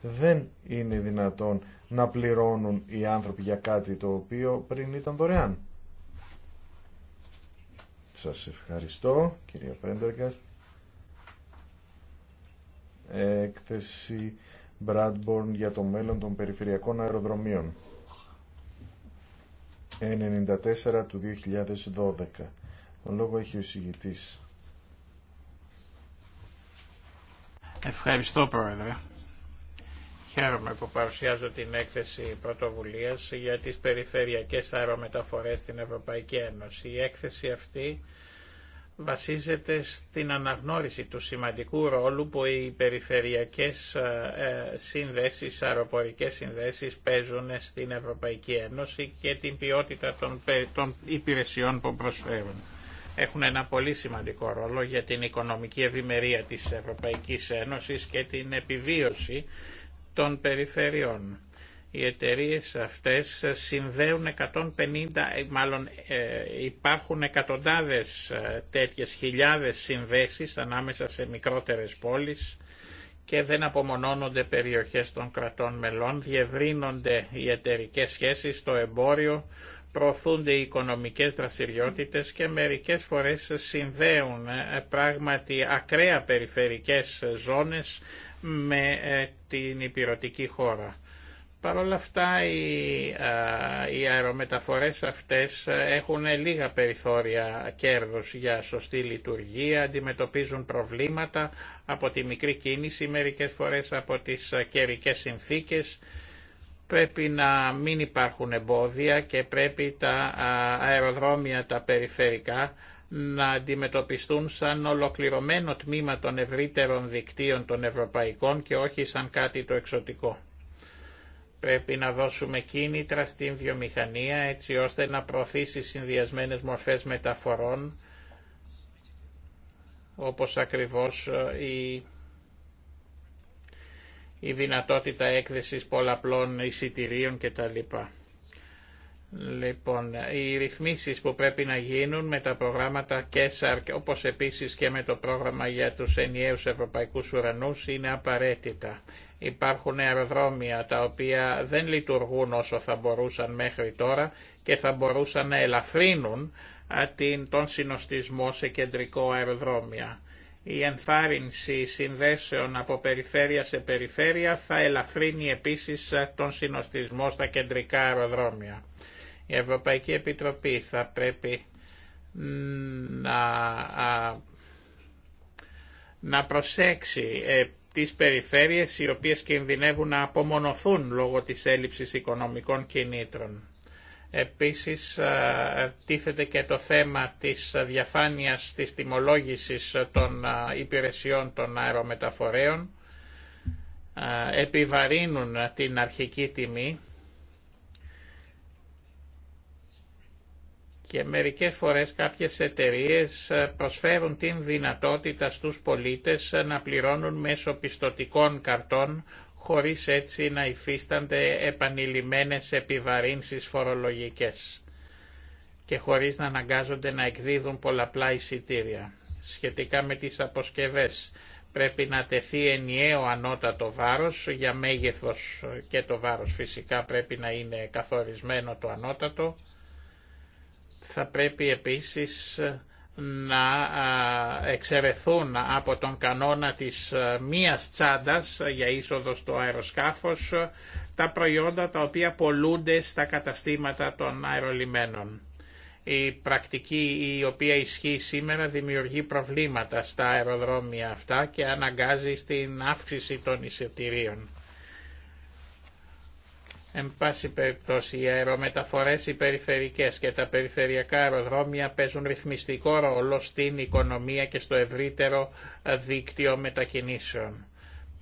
Δεν είναι δυνατόν να πληρώνουν οι άνθρωποι για κάτι το οποίο πριν ήταν δωρεάν. Σας ευχαριστώ, κυρία Πρέντεργκαστ. Έκθεση Bradborn για το μέλλον των περιφερειακών αεροδρομίων. 94 του 2012. Τον λόγο έχει ο συγητής. Ευχαριστώ, Πρόεδρε. Χαίρομαι που παρουσιάζω την έκθεση πρωτοβουλίας για τις περιφερειακές αερομεταφορές στην Ευρωπαϊκή Ένωση. Η έκθεση αυτή βασίζεται στην αναγνώριση του σημαντικού ρόλου που οι περιφερειακές ε, συνδέσεις, αεροπορικές συνδέσεις παίζουν στην Ευρωπαϊκή Ένωση και την ποιότητα των υπηρεσιών που προσφέρουν. Έχουν ένα πολύ σημαντικό ρόλο για την οικονομική ευημερία της Ευρωπαϊκής Ένωσης και την επιβίωση των περιφερειών. Οι εταιρείε αυτές συνδέουν 150, ε, μάλλον ε, υπάρχουν εκατοντάδες ε, τέτοιες χιλιάδες συνδέσεις ανάμεσα σε μικρότερες πόλεις και δεν απομονώνονται περιοχές των κρατών μελών, διευρύνονται οι εταιρικές σχέσεις το εμπόριο, προωθούνται οι οικονομικές δραστηριότητες και μερικές φορές συνδέουν πράγματι ακραία περιφερικές ζώνες με ε, την υπηρετική χώρα. Παρ' όλα αυτά οι αερομεταφορές αυτές ε, έχουν λίγα περιθώρια κέρδους για σωστή λειτουργία, αντιμετωπίζουν προβλήματα από τη μικρή κίνηση, μερικές φορές από τις ε, καιρικέ συνθήκες πρέπει να μην υπάρχουν εμπόδια και πρέπει τα αεροδρόμια τα περιφερικά να αντιμετωπιστούν σαν ολοκληρωμένο τμήμα των ευρύτερων δικτύων των ευρωπαϊκών και όχι σαν κάτι το εξωτικό. Πρέπει να δώσουμε κίνητρα στην βιομηχανία έτσι ώστε να προωθήσει συνδυασμένες μορφές μεταφορών όπως ακριβώς ε, η η δυνατότητα έκδεσης πολλαπλών εισιτηρίων κτλ. Λοιπόν, οι ρυθμίσεις που πρέπει να γίνουν με τα προγράμματα ΚΕΣΑΡ όπως επίσης και με το πρόγραμμα για τους ενιαίους ευρωπαϊκούς ουρανούς, είναι απαραίτητα. Υπάρχουν αεροδρόμια τα οποία δεν λειτουργούν όσο θα μπορούσαν μέχρι τώρα και θα μπορούσαν να ελαφρύνουν τον συνοστισμό σε κεντρικό αεροδρόμια. Η ενθάρρυνση συνδέσεων από περιφέρεια σε περιφέρεια θα ελαφρύνει επίσης ε, τον συνοστισμό στα κεντρικά αεροδρόμια. Η Ευρωπαϊκή Επιτροπή θα πρέπει να, να προσέξει ε, τις περιφέρειες οι οποίες κινδυνεύουν να απομονωθούν λόγω της έλλειψης οικονομικών κινήτρων. Επίσης ε, τίθεται και το θέμα της διαφάνειας της τιμολόγησης των ε, υπηρεσιών των αερομεταφορέων. Ε, επιβαρύνουν την αρχική τιμή και μερικές φορές κάποιες εταιρείες προσφέρουν την δυνατότητα στους πολίτες να πληρώνουν μέσω πιστοτικών καρτών χωρίς έτσι να υφίστανται επανειλημμένες επιβαρύνσεις φορολογικές και χωρίς να αναγκάζονται να εκδίδουν πολλαπλά εισιτήρια. Σχετικά με τις αποσκευές πρέπει να τεθεί ενιαίο ανώτατο βάρος για μέγεθος και το βάρος φυσικά πρέπει να είναι καθορισμένο το ανώτατο. Θα πρέπει επίσης να εξαιρεθούν από τον κανόνα της μίας τσάντας για είσοδο στο αεροσκάφος τα προϊόντα τα οποία πολλούνται στα καταστήματα των αερολιμένων. Η πρακτική η οποία ισχύει σήμερα δημιουργεί προβλήματα στα αεροδρόμια αυτά και αναγκάζει στην αύξηση των εισιτηρίων. Εν πάση περιπτώσει, οι αερομεταφορέ, οι περιφερικέ και τα περιφερειακά αεροδρόμια παίζουν ρυθμιστικό ρόλο στην οικονομία και στο ευρύτερο ε, δίκτυο μετακινήσεων.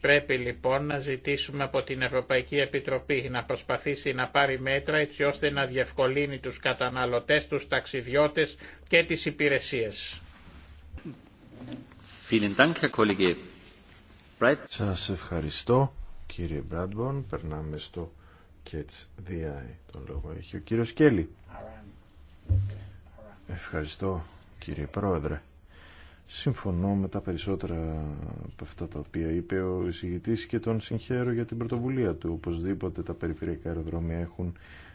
Πρέπει λοιπόν να ζητήσουμε από την Ευρωπαϊκή Επιτροπή να προσπαθήσει να πάρει μέτρα έτσι ώστε να διευκολύνει τους καταναλωτές, τους ταξιδιώτες και τις υπηρεσίες. ευχαριστώ κύριε Περνάμε στο και έτσι Τον λόγο έχει ο κύριος Κέλλη. Ευχαριστώ κύριε Πρόεδρε. Συμφωνώ με τα περισσότερα από αυτά τα οποία είπε ο εισηγητής και τον συγχαίρω για την πρωτοβουλία του. Οπωσδήποτε τα περιφερειακά αεροδρόμια έχουν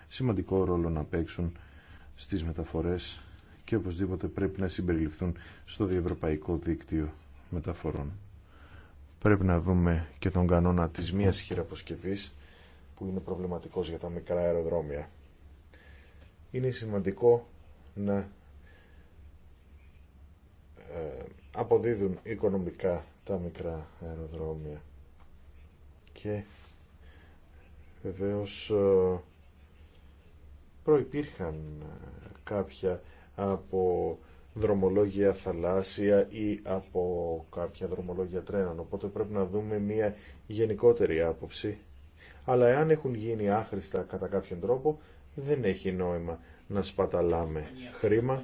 σημαντικό ρόλο να παίξουν στις μεταφορές και οπωσδήποτε πρέπει να συμπεριληφθούν στο διευρωπαϊκό δίκτυο μεταφορών. Πρέπει να δούμε και τον κανόνα της μίας χειραποσκευής που είναι προβληματικός για τα μικρά αεροδρόμια. Είναι σημαντικό να ε, αποδίδουν οικονομικά τα μικρά αεροδρόμια και βεβαίως ε, προϋπήρχαν ε, κάποια από δρομολόγια θαλάσσια ή από κάποια δρομολόγια τρένων. Οπότε πρέπει να δούμε μια γενικότερη άποψη αλλά εάν έχουν γίνει άχρηστα κατά κάποιον τρόπο, δεν έχει νόημα να σπαταλάμε χρήμα.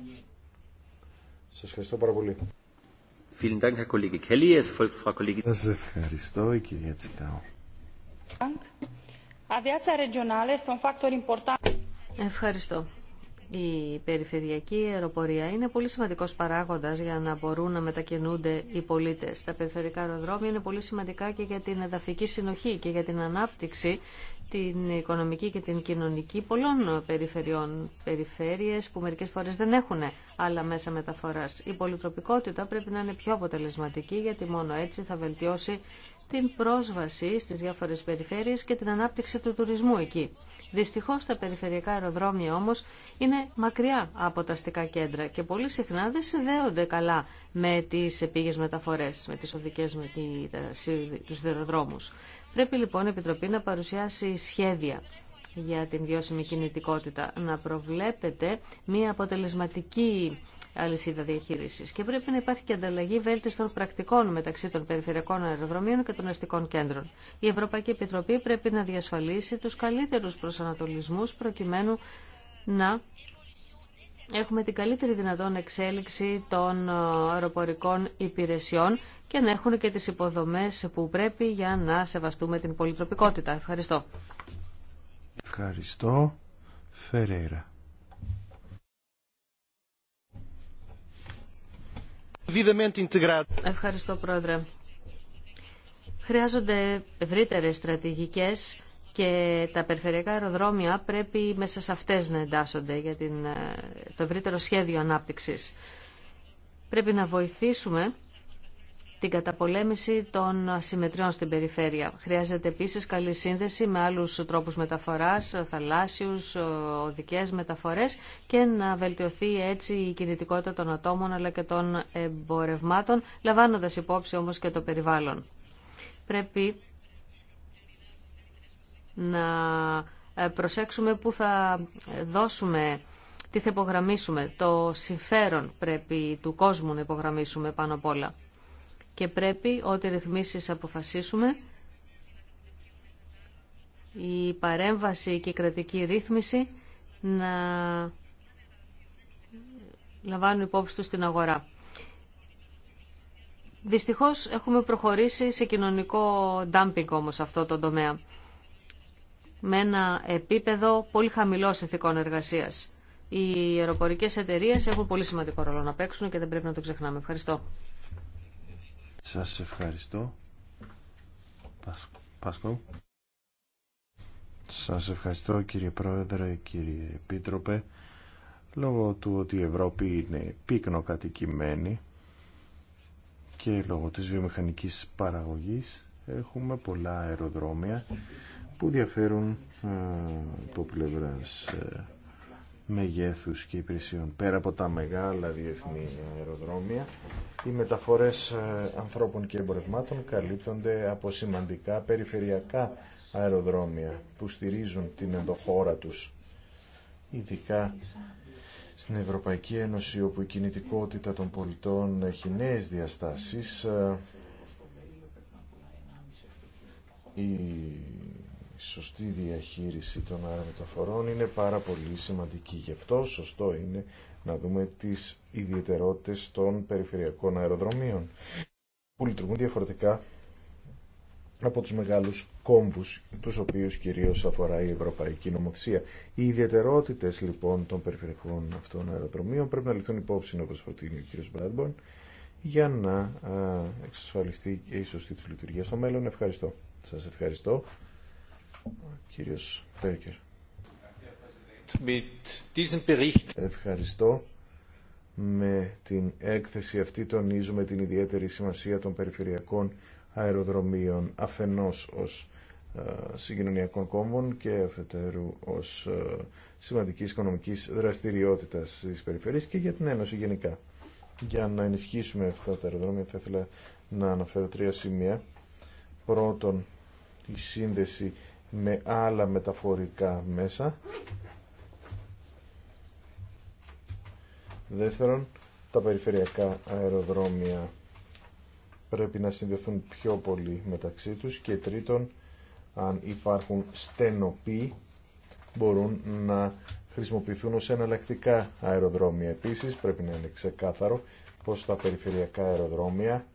Σα ευχαριστώ πάρα πολύ. ευχαριστώ, η κυρία Τσικάου. Ευχαριστώ η περιφερειακή αεροπορία είναι πολύ σημαντικό παράγοντα για να μπορούν να μετακινούνται οι πολίτε. Τα περιφερειακά αεροδρόμια είναι πολύ σημαντικά και για την εδαφική συνοχή και για την ανάπτυξη την οικονομική και την κοινωνική πολλών περιφερειών, περιφέρειες που μερικέ φορέ δεν έχουν άλλα μέσα μεταφορά. Η πολυτροπικότητα πρέπει να είναι πιο αποτελεσματική γιατί μόνο έτσι θα βελτιώσει την πρόσβαση στις διάφορες περιφέρειες και την ανάπτυξη του τουρισμού εκεί. Δυστυχώς τα περιφερειακά αεροδρόμια όμως είναι μακριά από τα αστικά κέντρα και πολύ συχνά δεν συνδέονται καλά με τις επίγες μεταφορές, με τις οδικές, με τους αεροδρόμους. Πρέπει λοιπόν η Επιτροπή να παρουσιάσει σχέδια για την βιώσιμη κινητικότητα. Να προβλέπετε μια αποτελεσματική αλυσίδα διαχείριση. Και πρέπει να υπάρχει και ανταλλαγή βέλτιστων πρακτικών μεταξύ των περιφερειακών αεροδρομίων και των αστικών κέντρων. Η Ευρωπαϊκή Επιτροπή πρέπει να διασφαλίσει του καλύτερου προσανατολισμού προκειμένου να έχουμε την καλύτερη δυνατόν εξέλιξη των αεροπορικών υπηρεσιών και να έχουν και τις υποδομές που πρέπει για να σεβαστούμε την πολυτροπικότητα. Ευχαριστώ. Ευχαριστώ. Φερέρα. Ευχαριστώ, Πρόεδρε. Χρειάζονται ευρύτερε στρατηγικές και τα περιφερειακά αεροδρόμια πρέπει μέσα σε αυτέ να εντάσσονται για την, ε, το ευρύτερο σχέδιο ανάπτυξη. Πρέπει να βοηθήσουμε την καταπολέμηση των συμμετριών στην περιφέρεια. Χρειάζεται επίσης καλή σύνδεση με άλλους τρόπους μεταφοράς, θαλάσσιους, οδικές μεταφορές και να βελτιωθεί έτσι η κινητικότητα των ατόμων αλλά και των εμπορευμάτων, λαμβάνοντα υπόψη όμως και το περιβάλλον. Πρέπει να προσέξουμε πού θα δώσουμε τι θα υπογραμμίσουμε. Το συμφέρον πρέπει του κόσμου να υπογραμμίσουμε πάνω απ' όλα και πρέπει ό,τι ρυθμίσεις αποφασίσουμε η παρέμβαση και η κρατική ρύθμιση να λαμβάνουν υπόψη τους στην αγορά. Δυστυχώς έχουμε προχωρήσει σε κοινωνικό dumping όμως αυτό το τομέα με ένα επίπεδο πολύ χαμηλό ηθικών εργασίας. Οι αεροπορικές εταιρείες έχουν πολύ σημαντικό ρόλο να παίξουν και δεν πρέπει να το ξεχνάμε. Ευχαριστώ. Σας ευχαριστώ. Πάσκο. Σας ευχαριστώ κύριε Πρόεδρε, κύριε Επίτροπε. Λόγω του ότι η Ευρώπη είναι πύκνο κατοικημένη και λόγω της βιομηχανικής παραγωγής έχουμε πολλά αεροδρόμια που διαφέρουν ε, από πλευράς ε, μεγέθους και υπηρεσιών. Πέρα από τα μεγάλα διεθνή αεροδρόμια, οι μεταφορές ε, ανθρώπων και εμπορευμάτων καλύπτονται από σημαντικά περιφερειακά αεροδρόμια που στηρίζουν την ενδοχώρα τους, ειδικά στην Ευρωπαϊκή Ένωση όπου η κινητικότητα των πολιτών έχει νέες διαστάσεις ε, σωστή διαχείριση των αερομεταφορών είναι πάρα πολύ σημαντική. Γι' αυτό σωστό είναι να δούμε τις ιδιαιτερότητες των περιφερειακών αεροδρομίων που λειτουργούν διαφορετικά από τους μεγάλους κόμβους, τους οποίους κυρίως αφορά η Ευρωπαϊκή Νομοθεσία. Οι ιδιαιτερότητες λοιπόν των περιφερειακών αυτών αεροδρομίων πρέπει να ληφθούν υπόψη όπως προτείνει ο κ. Μπράντμπορν για να εξασφαλιστεί η σωστή τους λειτουργία στο μέλλον. Ευχαριστώ. Σας ευχαριστώ κύριος Πέρκερ. Ευχαριστώ. Με την έκθεση αυτή τονίζουμε την ιδιαίτερη σημασία των περιφερειακών αεροδρομίων αφενός ως ε, συγκοινωνιακών κόμβων και αφετέρου ως ε, σημαντικής οικονομικής δραστηριότητας της περιφερειάς και για την Ένωση γενικά. Για να ενισχύσουμε αυτά τα αεροδρόμια θα ήθελα να αναφέρω τρία σημεία. Πρώτον, η σύνδεση με άλλα μεταφορικά μέσα. Δεύτερον, τα περιφερειακά αεροδρόμια πρέπει να συνδεθούν πιο πολύ μεταξύ τους και τρίτον, αν υπάρχουν στενοποί, μπορούν να χρησιμοποιηθούν ως εναλλακτικά αεροδρόμια. Επίσης, πρέπει να είναι ξεκάθαρο πως τα περιφερειακά αεροδρόμια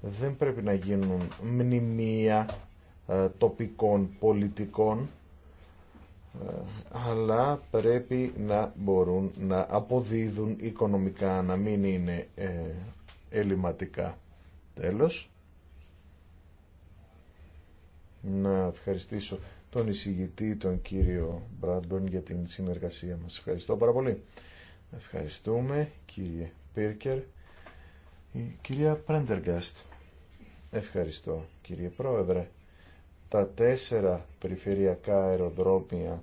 δεν πρέπει να γίνουν μνημεία ε, τοπικών πολιτικών ε, αλλά πρέπει να μπορούν να αποδίδουν οικονομικά, να μην είναι ε, ελληματικά. Τέλος, να ευχαριστήσω τον εισηγητή, τον κύριο Μπράντον, για την συνεργασία μας. Ευχαριστώ πάρα πολύ. Ευχαριστούμε, κύριε Πίρκερ. Η κυρία Πρέντεργκαστ. Ευχαριστώ, κύριε Πρόεδρε τα τέσσερα περιφερειακά αεροδρόμια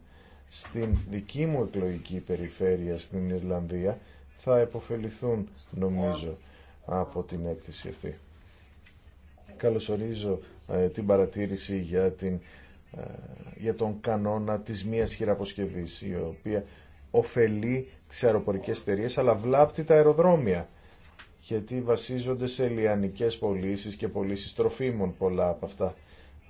στην δική μου εκλογική περιφέρεια στην Ιρλανδία θα επωφεληθούν νομίζω από την έκθεση αυτή. Καλωσορίζω ε, την παρατήρηση για, την, ε, για τον κανόνα της μίας χειραποσκευής η οποία ωφελεί τις αεροπορικές εταιρείε, αλλά βλάπτει τα αεροδρόμια γιατί βασίζονται σε λιανικές πωλήσει και πωλήσει τροφίμων πολλά από αυτά.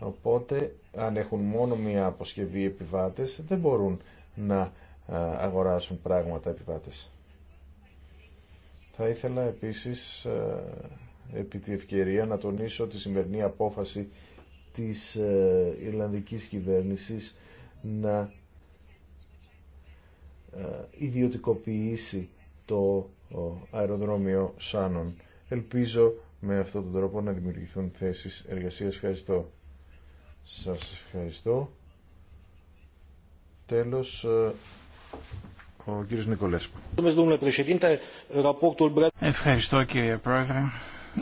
Οπότε αν έχουν μόνο μία αποσκευή επιβάτες δεν μπορούν να ε, αγοράσουν πράγματα επιβάτες. Θα ήθελα επίσης ε, επί τη ευκαιρία να τονίσω τη σημερινή απόφαση της ε, Ιρλανδικής κυβέρνησης να ιδιωτικοποιήσει το αεροδρόμιο Σάνων. Ελπίζω με αυτόν τον τρόπο να δημιουργηθούν θέσεις εργασίας. Ευχαριστώ. Σας ευχαριστώ. Τέλος, ε, ο κύριος Νικολέσκου. Ευχαριστώ κύριε Πρόεδρε.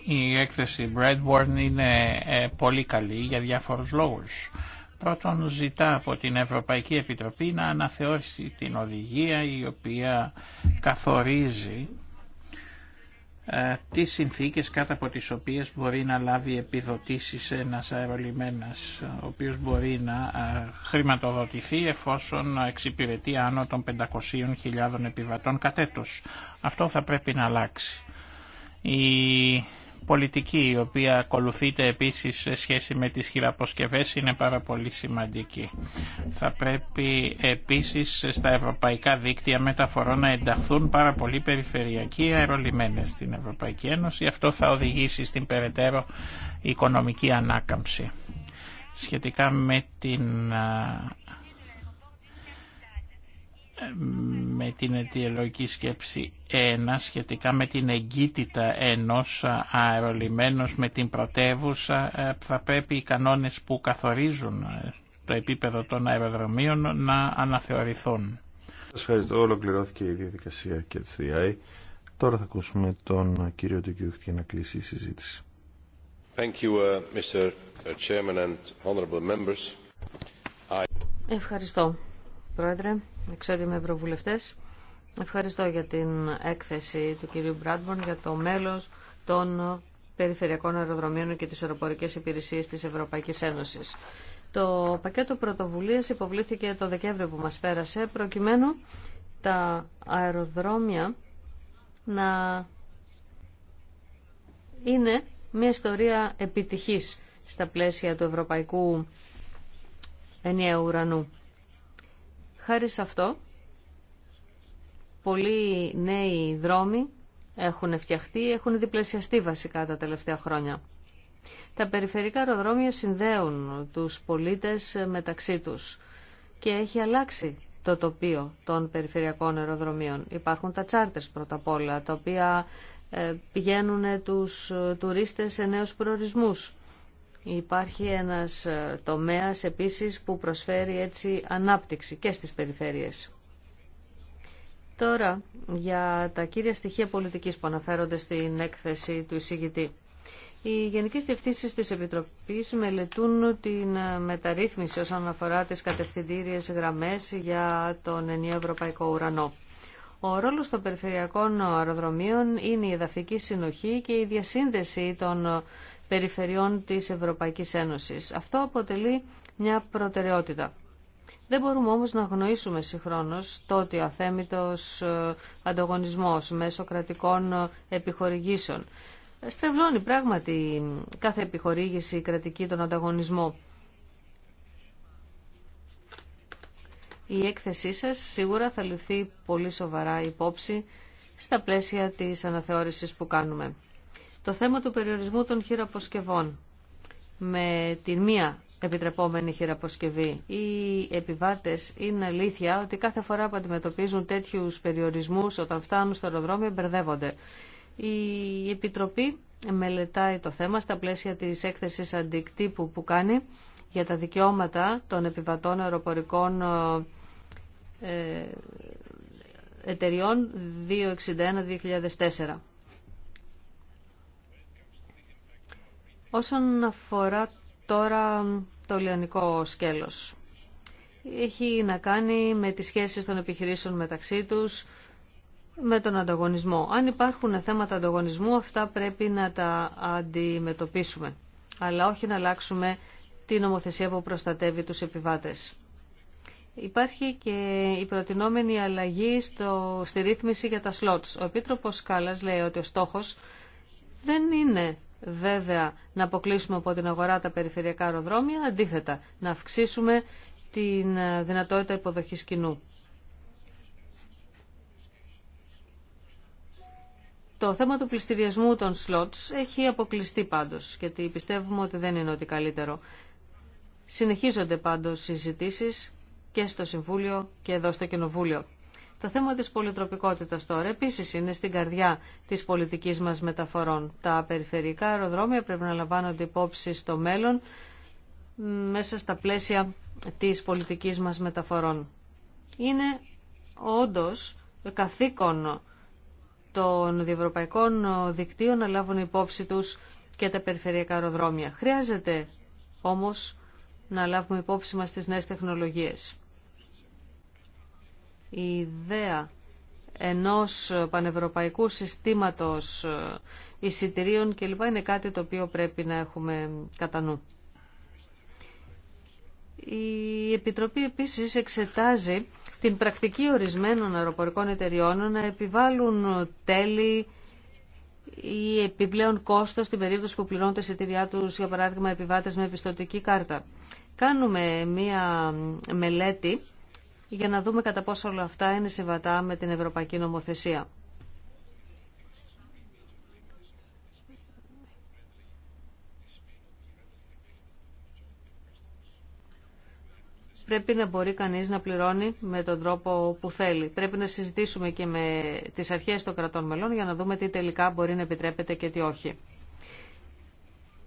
Η έκθεση Bradborn είναι ε, πολύ καλή για διάφορους λόγους. Πρώτον ζητά από την Ευρωπαϊκή Επιτροπή να αναθεώρησει την οδηγία η οποία καθορίζει ε, τις συνθήκες κάτω από τις οποίες μπορεί να λάβει επιδοτήσεις ένας αερολιμένας, ο οποίος μπορεί να ε, χρηματοδοτηθεί εφόσον εξυπηρετεί άνω των 500.000 επιβατών κατέτος. Αυτό θα πρέπει να αλλάξει. Η πολιτική η οποία ακολουθείται επίσης σε σχέση με τις χειραποσκευές είναι πάρα πολύ σημαντική. Θα πρέπει επίσης στα ευρωπαϊκά δίκτυα μεταφορών να ενταχθούν πάρα πολύ περιφερειακοί αερολιμένες στην Ευρωπαϊκή Ένωση. Αυτό θα οδηγήσει στην περαιτέρω οικονομική ανάκαμψη σχετικά με την με την αιτιολογική σκέψη 1 σχετικά με την εγκύτητα ενός αερολιμένος με την πρωτεύουσα ε, θα πρέπει οι κανόνες που καθορίζουν ε, το επίπεδο των αεροδρομίων να αναθεωρηθούν. Σας ευχαριστώ. Ολοκληρώθηκε η διαδικασία και της ΔΙΑΗ. Τώρα θα ακούσουμε τον κύριο Τουκιούχτη για να κλείσει η συζήτηση. Thank uh, uh, Ευχαριστώ. Πρόεδρε, εξότιμοι ευρωβουλευτές. Ευχαριστώ για την έκθεση του κυρίου Μπράντμπορν για το μέλος των περιφερειακών αεροδρομίων και της αεροπορικές υπηρεσίες της Ευρωπαϊκής Ένωσης. Το πακέτο πρωτοβουλίας υποβλήθηκε το Δεκέμβριο που μας πέρασε προκειμένου τα αεροδρόμια να είναι μια ιστορία επιτυχής στα πλαίσια του Ευρωπαϊκού Ενιαίου Ουρανού. Χάρη σε αυτό, πολλοί νέοι δρόμοι έχουν φτιαχτεί, έχουν διπλασιαστεί βασικά τα τελευταία χρόνια. Τα περιφερικά αεροδρόμια συνδέουν τους πολίτες μεταξύ τους και έχει αλλάξει το τοπίο των περιφερειακών αεροδρομίων. Υπάρχουν τα τσάρτες πρώτα απ' όλα, τα οποία ε, πηγαίνουν τους τουρίστες σε νέους προορισμούς. Υπάρχει ένας ε, τομέας επίσης που προσφέρει έτσι ανάπτυξη και στις περιφέρειες. Τώρα για τα κύρια στοιχεία πολιτικής που αναφέρονται στην έκθεση του εισηγητή. Οι Γενικέ Διευθύνσει της Επιτροπής μελετούν την ε, μεταρρύθμιση όσον αφορά τι κατευθυντήριε γραμμέ για τον ενιαίο ευρωπαϊκό ουρανό. Ο ρόλος των περιφερειακών αεροδρομίων είναι η εδαφική συνοχή και η διασύνδεση των περιφερειών της Ευρωπαϊκής Ένωσης. Αυτό αποτελεί μια προτεραιότητα. Δεν μπορούμε όμως να γνωρίσουμε συγχρόνως το ότι ο αθέμητος ε, ανταγωνισμός μέσω κρατικών ε, επιχορηγήσεων στρεβλώνει πράγματι κάθε επιχορήγηση κρατική των ανταγωνισμό. Η έκθεσή σας σίγουρα θα ληφθεί πολύ σοβαρά υπόψη στα πλαίσια της αναθεώρησης που κάνουμε. Το θέμα του περιορισμού των χειραποσκευών με την μία επιτρεπόμενη χειραποσκευή. Οι επιβάτες είναι αλήθεια ότι κάθε φορά που αντιμετωπίζουν τέτοιους περιορισμούς όταν φτάνουν στο αεροδρόμιο μπερδεύονται. Η Επιτροπή μελετάει το θέμα στα πλαίσια της έκθεσης αντικτύπου που κάνει για τα δικαιώματα των επιβατών αεροπορικών ε, ε, εταιριών 261-2004. Όσον αφορά τώρα το λιανικό σκέλος, έχει να κάνει με τις σχέσεις των επιχειρήσεων μεταξύ τους, με τον ανταγωνισμό. Αν υπάρχουν θέματα ανταγωνισμού, αυτά πρέπει να τα αντιμετωπίσουμε, αλλά όχι να αλλάξουμε την νομοθεσία που προστατεύει τους επιβάτες. Υπάρχει και η προτινόμενη αλλαγή στο, στη ρύθμιση για τα σλότς. Ο Επίτροπος Κάλλας λέει ότι ο στόχος δεν είναι βέβαια να αποκλείσουμε από την αγορά τα περιφερειακά αεροδρόμια, αντίθετα να αυξήσουμε την ε, δυνατότητα υποδοχής κοινού. Το θέμα του πληστηριασμού των σλότς έχει αποκλειστεί πάντως, γιατί πιστεύουμε ότι δεν είναι ότι καλύτερο. Συνεχίζονται πάντως συζητήσεις και στο Συμβούλιο και εδώ στο Κοινοβούλιο. Το θέμα της πολυτροπικότητας τώρα επίσης είναι στην καρδιά της πολιτικής μας μεταφορών. Τα περιφερειακά αεροδρόμια πρέπει να λαμβάνονται υπόψη στο μέλλον μέσα στα πλαίσια της πολιτικής μας μεταφορών. Είναι όντως καθήκον των διευρωπαϊκών δικτύων να λάβουν υπόψη τους και τα περιφερειακά αεροδρόμια. Χρειάζεται όμως να λάβουμε υπόψη μας τις νέες τεχνολογίες. Η ιδέα ενός πανευρωπαϊκού συστήματος εισιτηρίων λοιπά είναι κάτι το οποίο πρέπει να έχουμε κατά νου. Η Επιτροπή επίσης εξετάζει την πρακτική ορισμένων αεροπορικών εταιριών να επιβάλλουν τέλη ή επιπλέον κόστος στην περίπτωση που πληρώνουν τα εισιτηριά τους, για παράδειγμα, επιβάτες με επιστοτική κάρτα. Κάνουμε μία μελέτη για να δούμε κατά πόσο όλα αυτά είναι συμβατά με την Ευρωπαϊκή Νομοθεσία. πρέπει να μπορεί κανείς να πληρώνει με τον τρόπο που θέλει. Πρέπει να συζητήσουμε και με τις αρχές των κρατών μελών για να δούμε τι τελικά μπορεί να επιτρέπεται και τι όχι.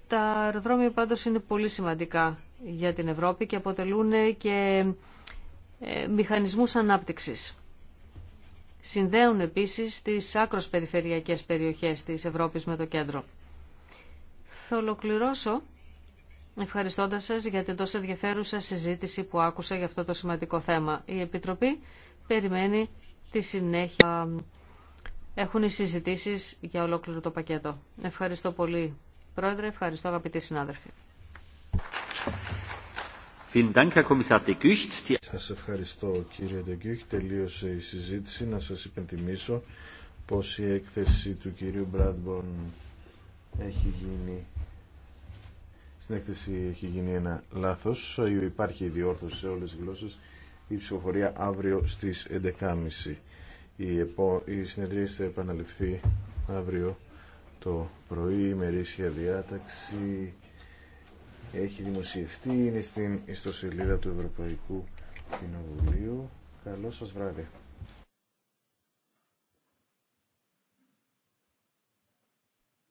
Τα αεροδρόμια πάντως είναι πολύ σημαντικά για την Ευρώπη και αποτελούν και ε, μηχανισμούς ανάπτυξης. Συνδέουν επίσης τις άκρος περιφερειακές περιοχές της Ευρώπης με το κέντρο. Θα ολοκληρώσω ευχαριστώντας σας για την τόσο ενδιαφέρουσα συζήτηση που άκουσα για αυτό το σημαντικό θέμα. Η Επιτροπή περιμένει τη συνέχεια. Έχουν οι συζητήσεις για ολόκληρο το πακέτο. Ευχαριστώ πολύ, Πρόεδρε. Ευχαριστώ, αγαπητοί συνάδελφοι. Σας ευχαριστώ κύριε Ντεγκύχ. Τελείωσε η συζήτηση. Να σας υπενθυμίσω πως η έκθεση του κυρίου Μπράντμπορν έχει γίνει στην έκθεση έχει γίνει ένα λάθος. Υπάρχει διόρθωση σε όλες τις γλώσσες. Η ψηφοφορία αύριο στις 11.30. Η, η συνεδρία θα επαναληφθεί αύριο το πρωί. Η διάταξη έχει δημοσιευτεί, είναι στην ιστοσελίδα του Ευρωπαϊκού Κοινοβουλίου. Καλό σας βράδυ.